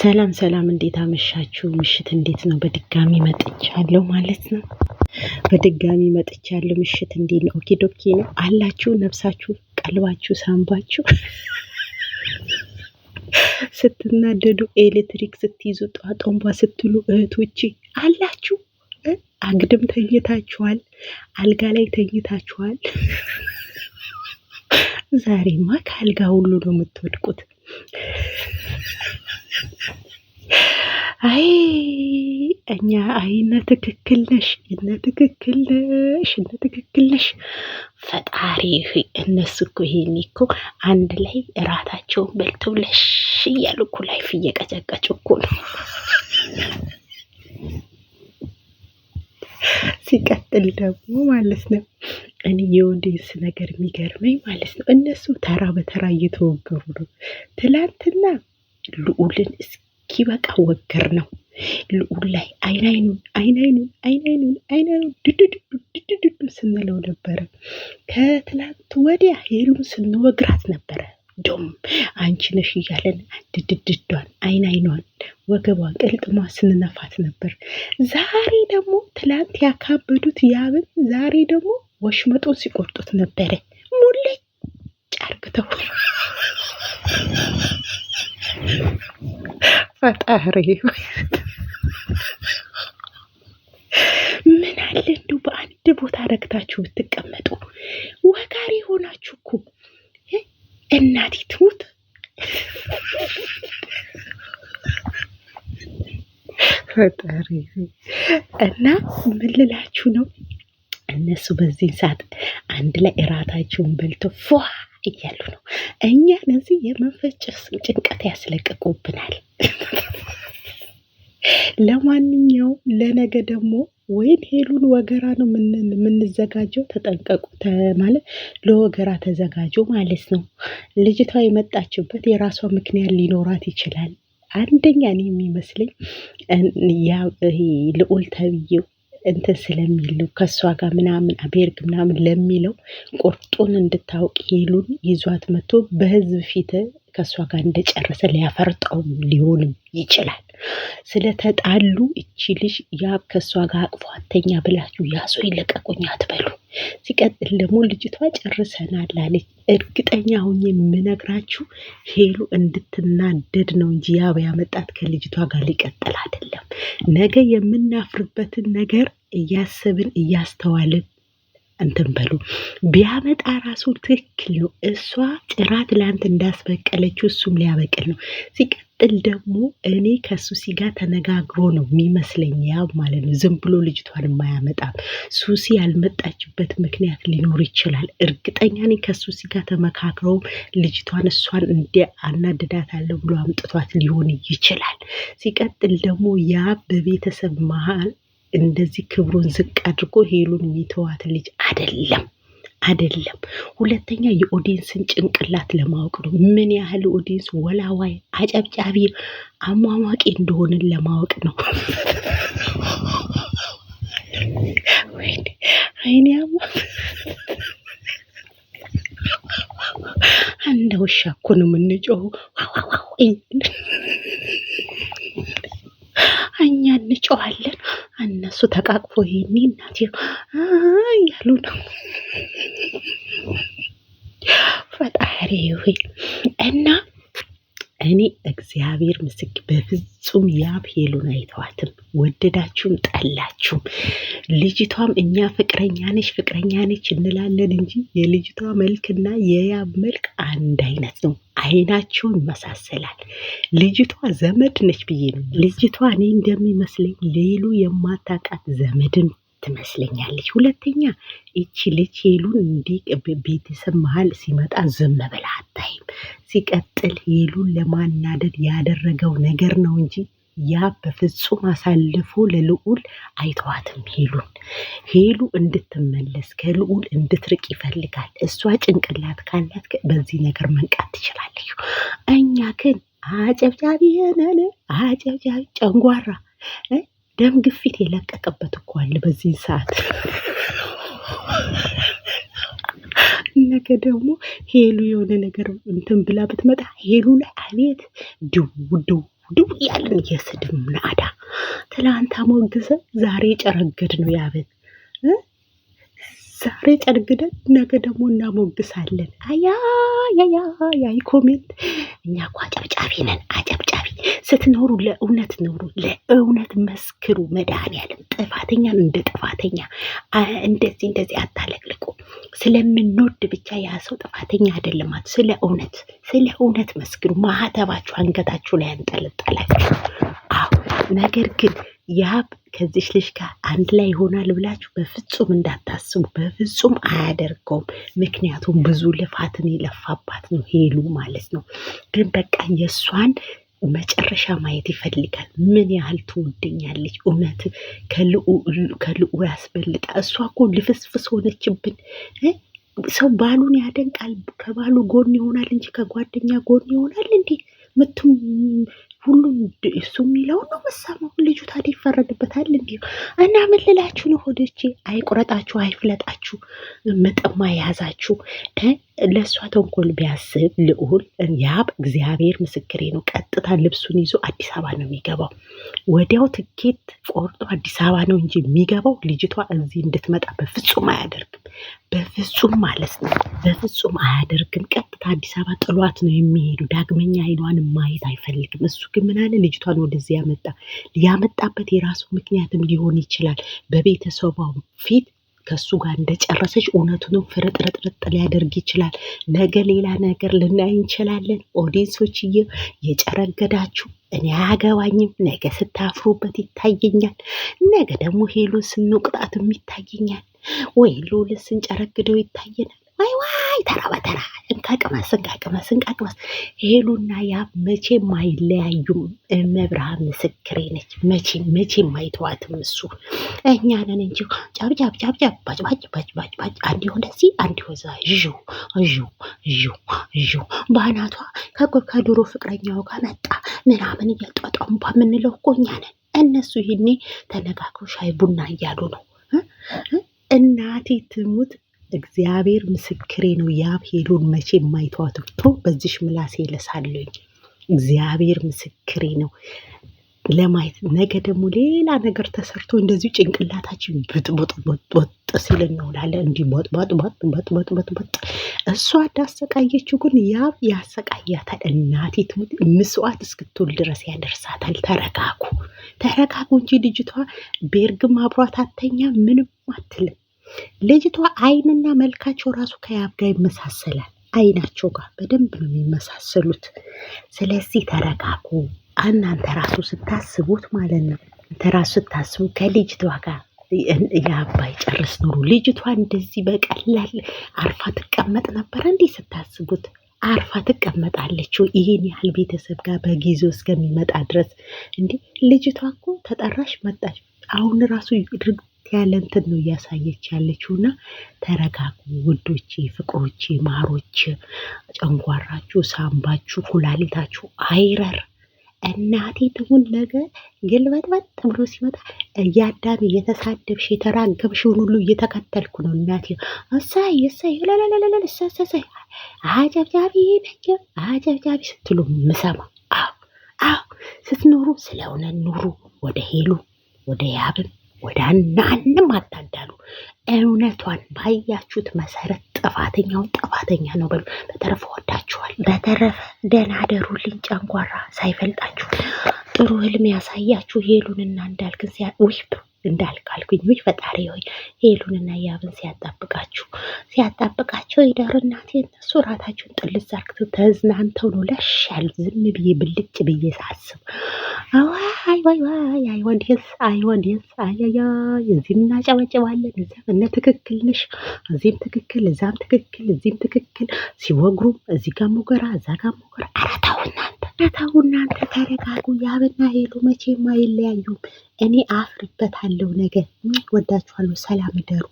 ሰላም ሰላም፣ እንዴት አመሻችሁ? ምሽት እንዴት ነው? በድጋሚ መጥቻለሁ ማለት ነው። በድጋሚ መጥቻለሁ። ምሽት እንዴት ነው? ኦኬ ዶኬ ነው አላችሁ? ነፍሳችሁ፣ ቀልባችሁ፣ ሳምባችሁ ስትናደዱ፣ ኤሌክትሪክ ስትይዙ፣ ጧጦንቧ ስትሉ እህቶቼ አላችሁ? አግድም ተኝታችኋል፣ አልጋ ላይ ተኝታችኋል። ዛሬማ ከአልጋ ሁሉ ነው የምትወድቁት። አይ እኛ አይ እነ ትክክል ነሽ፣ እነ ትክክል ነሽ፣ እነ ትክክል ነሽ። ፈጣሪ ሆይ እነሱ እኮ ይሄኔ እኮ አንድ ላይ እራታቸውን በልተው ለሽ እያሉ እኮ ላይፍ እየቀጨቀጩ እኮ ነው። ሲቀጥል ደግሞ ማለት ነው እኔ የወንዴንስ ነገር የሚገርመኝ ማለት ነው እነሱ ተራ በተራ እየተወገሩ ነው ትላንትና ልዑልን እስኪበቃ ወገር ነው። ልዑል ላይ አይናይኑን አይናይኑን አይናይኑን አይናይኑን ድድድዱ ስንለው ነበረ። ከትላንት ወዲያ ሄሉን ስንወግራት ነበረ። ዶም አንቺ ነሽ እያለን ድድድዷን አይናይኗን ወገቧን ቅልጥሟ ስንነፋት ነበር። ዛሬ ደግሞ ትላንት ያካበዱት ያብን ዛሬ ደግሞ ወሽመጡን ሲቆርጡት ነበረ ሙሌ ጫርግተው ፈጣሪ ምን አለ እንደው በአንድ ቦታ ረግታችሁ ብትቀመጡ ወጋሪ ሆናችሁ እኮ እናቴ ትሙት ፈጣሪ እና ምን ልላችሁ ነው? እነሱ በዚህን ሰዓት አንድ ላይ እራታችሁን በልቶ ፏ እያሉ ነው። እኛ እዚህ የመንፈስ ጭንቀት ያስለቅቁብናል። ለማንኛውም ለነገ ደግሞ ወይም ሄሉን ወገራ ነው የምንዘጋጀው። ተጠንቀቁ ማለት ለወገራ ተዘጋጁ ማለት ነው። ልጅቷ የመጣችበት የራሷ ምክንያት ሊኖራት ይችላል። አንደኛ እኔ የሚመስለኝ ልዑል ተብዬው እንትን ስለሚለው ከእሷ ጋር ምናምን አቤርግ ምናምን ለሚለው ቁርጡን እንድታውቅ ሄሉን ይዟት መጥቶ በህዝብ ፊት ከእሷ ጋር እንደጨረሰ ሊያፈርጠውም ሊሆንም ይችላል። ስለተጣሉ እቺ ልጅ ያብ ከእሷ ጋር አቅፏተኛ ብላችሁ ያሶ ይለቀቁኝ አትበሉ። ሲቀጥል ደግሞ ልጅቷ ጨርሰናል አለች። እርግጠኛ ሁኜ የምነግራችሁ ሄሉ እንድትናደድ ነው እንጂ ያብ ያመጣት ከልጅቷ ጋር ሊቀጥል አይደለም። ነገ የምናፍርበትን ነገር እያሰብን እያስተዋልን እንትን በሉ ቢያመጣ ራሱ ትክክል ነው። እሷ ጭራ ትላንት እንዳስበቀለችው እሱም ሊያበቅል ነው። ሲቀጥል ደግሞ እኔ ከሱሲ ጋር ተነጋግሮ ነው የሚመስለኝ ማለት ነው። ዝም ብሎ ልጅቷን የማያመጣም ሱሲ ያልመጣችበት ምክንያት ሊኖር ይችላል። እርግጠኛ ነኝ ከሱሲ ጋር ተመካክረው ልጅቷን እሷን እንደ አናድዳታለሁ ብሎ አምጥቷት ሊሆን ይችላል። ሲቀጥል ደግሞ ያ በቤተሰብ መሀል እንደዚህ ክብሩን ዝቅ አድርጎ ሄሉን የሚተዋት ልጅ አደለም አደለም። ሁለተኛ የኦዲንስን ጭንቅላት ለማወቅ ነው። ምን ያህል ኦዲንስ ወላዋይ፣ አጨብጫቢ፣ አሟሟቂ እንደሆንን ለማወቅ ነው። አይኔ ያማ እንደ ውሻ እኮ ነው የምንጮኸው። እኛ እንጮኋለን። እነሱ ተቃቅፎ ይሄኔ እናት ያሉ ነው። ፈጣሪ ሆይ እና እኔ እግዚአብሔር ምስክ በፍጹም ያብ ሄሉን አይተዋትም። ወደዳችሁም ጠላችሁም ልጅቷም እኛ ፍቅረኛ ነች ፍቅረኛ ነች እንላለን እንጂ የልጅቷ መልክና የያብ መልክ አንድ አይነት ነው። አይናቸውን ይመሳሰላል። ልጅቷ ዘመድ ነች ብዬ ነው። ልጅቷ እኔ እንደሚመስለኝ ሌሉ የማታውቃት ዘመድም ትመስለኛለች። ሁለተኛ እቺ ልጅ ሄሉን እንዲህ ቤተሰብ መሀል ሲመጣ ዝም ብላ አታይም። ሲቀጥል ሄሉን ለማናደድ ያደረገው ነገር ነው እንጂ ያ በፍጹም አሳልፎ ለልዑል አይተዋትም። ሄሉን ሄሉ እንድትመለስ ከልዑል እንድትርቅ ይፈልጋል። እሷ ጭንቅላት ካላት በዚህ ነገር መንቃት ትችላለች። እኛ ግን አጨብጫቢ ነን። አጨብጫቢ ጨንጓራ ደም ግፊት የለቀቀበት እኮ አለ በዚህ ሰዓት። ነገ ደግሞ ሄሉ የሆነ ነገር እንትን ብላ ብትመጣ ሄሉ ላይ አቤት ድው ድው ድው ያለን የስድብ ናዳ ትላንት አሞግዘ ዛሬ ጨረገድ ነው ያበት ዛሬ ጨርግደን ነገ ደግሞ እናሞግሳለን። አያ ያያ ያይ ኮሜንት እኛ እኮ አጨብጫቢ ነን። ስትኖሩ ለእውነት ኖሩ፣ ለእውነት መስክሩ። መድኃኒዓለም ጥፋተኛን እንደ ጥፋተኛ እንደዚህ እንደዚህ አታለቅልቁ። ስለምንወድ ብቻ ያ ሰው ጥፋተኛ አይደለም። ስለ እውነት ስለ እውነት መስክሩ። ማህተባችሁ አንገታችሁ ላይ አንጠለጠላችሁ። አዎ ነገር ግን ያብ ከዚች ልጅ ጋር አንድ ላይ ይሆናል ብላችሁ በፍጹም እንዳታስቡ። በፍጹም አያደርገውም። ምክንያቱም ብዙ ልፋትን የለፋባት ነው ሄሉ ማለት ነው። ግን በቃ የእሷን መጨረሻ ማየት ይፈልጋል። ምን ያህል ትወደኛለች? እውነት ከልዑ ያስበልጣ። እሷ እኮ ልፍስፍስ ሆነችብን። ሰው ባሉን ያደንቃል፣ ከባሉ ጎን ይሆናል እንጂ ከጓደኛ ጎን ይሆናል እንዴ? ምትም ሁሉም እሱ የሚለውን ነው መሳማሁን። ልጁ ታዲያ ይፈረድበታል እንዲ እና ምን ልላችሁ ነው? ሆዶቼ አይቁረጣችሁ፣ አይፍለጣችሁ፣ መጠማ የያዛችሁ ለእሷ ተንኮል ቢያስብ ልዑል ያብ እግዚአብሔር ምስክሬ ነው። ቀጥታ ልብሱን ይዞ አዲስ አበባ ነው የሚገባው። ወዲያው ትኬት ቆርጦ አዲስ አበባ ነው እንጂ የሚገባው ልጅቷ እዚህ እንድትመጣ በፍጹም አያደርግም። በፍጹም ማለት ነው፣ በፍጹም አያደርግም። ቀጥታ አዲስ አበባ ጥሏት ነው የሚሄዱ። ዳግመኛ አይኗን ማየት አይፈልግም። እሱ ግን ምናለ ልጅቷን ወደዚህ ያመጣ ያመጣበት የራሱ ምክንያትም ሊሆን ይችላል። በቤተሰቧ ፊት ከሱ ጋር እንደጨረሰች እውነቱንም ፍርጥርጥርጥ ሊያደርግ ይችላል። ነገ ሌላ ነገር ልናይ እንችላለን። ኦዲንሶችዬ የጨረገዳችሁ እኔ አያገባኝም። ነገ ስታፍሩበት ይታየኛል። ነገ ደግሞ ሄሎ ስንውቅጣትም ይታየኛል። ወይ ሉልን ስንጨረግደው ይታየናል። ዋይ ዋይ ተራ ቅመስ እንቃ ቅመስ ሄሉና ያ መቼ ማይለያዩም። መብርሃን ምስክሬ ነች። መቼ መቼ ማይተዋትም። እሱ እኛ ነን እንጂ ጫብ ጫብ ጫብ ጫብ ባጭ ባጭ ባጭ ባጭ ባጭ አንድ ይሆን ደዚህ አንድ ይሆን ዥ ዥ ዥ ዥ በአናቷ ከድሮ ፍቅረኛው ጋር መጣ ምናምን እያጧጧም እንኳ የምንለው እኮ እኛ ነን። እነሱ ይህኔ ተነጋግሮ ሻይ ቡና እያሉ ነው። እናቴ ትሙት እግዚአብሔር ምስክሬ ነው። ያብ ሄሉን መቼ የማይተዋትቶ በዚሽ ምላሴ ይለሳለኝ። እግዚአብሔር ምስክሬ ነው ለማየት ነገ ደግሞ ሌላ ነገር ተሰርቶ እንደዚሁ ጭንቅላታችን ብጥብጥብጥ ሲል እንውላለን። እንዲህ ቦጥቦጥቦጥቦጥቦጥቦጥ እሷ እንዳሰቃየችው ግን ያብ ያሰቃያታል። እናቴ ትሙት ምስዋት እስክትውል ድረስ ያደርሳታል። ተረጋጉ፣ ተረጋጉ እንጂ ልጅቷ ቤርግም አብሯት አተኛ ምንም አትልም። ልጅቷ አይንና መልካቸው ራሱ ከያብ ጋር ይመሳሰላል። አይናቸው ጋር በደንብ ነው የሚመሳሰሉት። ስለዚህ ተረጋጉ። እናንተ ራሱ ስታስቡት ማለት ነው እናንተ ራሱ ስታስቡ ከልጅቷ ጋር የአባይ ጨርስ ኑሩ። ልጅቷ እንደዚህ በቀላል አርፋ ትቀመጥ ነበረ እንዲህ ስታስቡት አርፋ ትቀመጣለች? ይህን ያህል ቤተሰብ ጋር በጊዜው እስከሚመጣ ድረስ እንዲህ ልጅቷ እኮ ተጠራሽ መጣች። አሁን ራሱ ያለ እንትን ነው እያሳየች ያለችው እና ተረጋጉ ውዶቼ፣ ፍቅሮቼ፣ ማሮች፣ ጨንጓራችሁ፣ ሳምባችሁ፣ ኩላሊታችሁ አይረር። እናቴ ትሁን ነገ ግልበጥበጥ ብሎ ሲመጣ እያዳም እየተሳደብሽ የተራገብሽውን ሁሉ እየተከተልኩ ነው እናቴ። እሳይ እሳይ ለለለለለ እሳሳይ አጀብጃቢ ነገር አጀብጃቢ ስትሉ ምሰማ። አዎ አዎ ስትኖሩ ስለሆነ ኑሩ። ወደ ሄሉ ወደ ያብን ወደ አናንም አታዳሉ። እውነቷን ባያችሁት መሰረት ጥፋተኛውን ጥፋተኛ ነው በሉ። በተረፈ ወዳችኋል። በተረፈ ደህና አደሩልኝ። ጨንጓራ ሳይፈልጣችሁ ጥሩ ህልም ያሳያችሁ። ሄሉንና እንዳልክን ሲያ እንዳልካልኩኝ ውይ ፈጣሪ ሆይ ሄሉንና ያብን ሲያጣብቃችሁ ሲያጣብቃቸው የዳሩ እናቴ እነሱ ራታቸውን ጥልዝ አርግተው ተዝናንተው ነው ለሽ ያሉት። ዝም ብዬ ብልጭ ብዬ ሳስብ አይ ዋይ ዋይ አይ ወንድ የስ አይ ወንድ አይ አይ እዚህም እናጨበጭባለን እዚያም እነ ትክክል ነሽ እዚህም ትክክል እዛም ትክክል እዚህም ትክክል ሲወግሩም እዚህ ጋር ሞገራ እዛ ጋር ሞገራ አራታውናል እረተው እናንተ ተረጋጉ። ያብና ሄሉ መቼም አይለያዩም። እኔ አፍርበታለሁ። ነገር ወዳችኋለሁ። ሰላም እደሩ።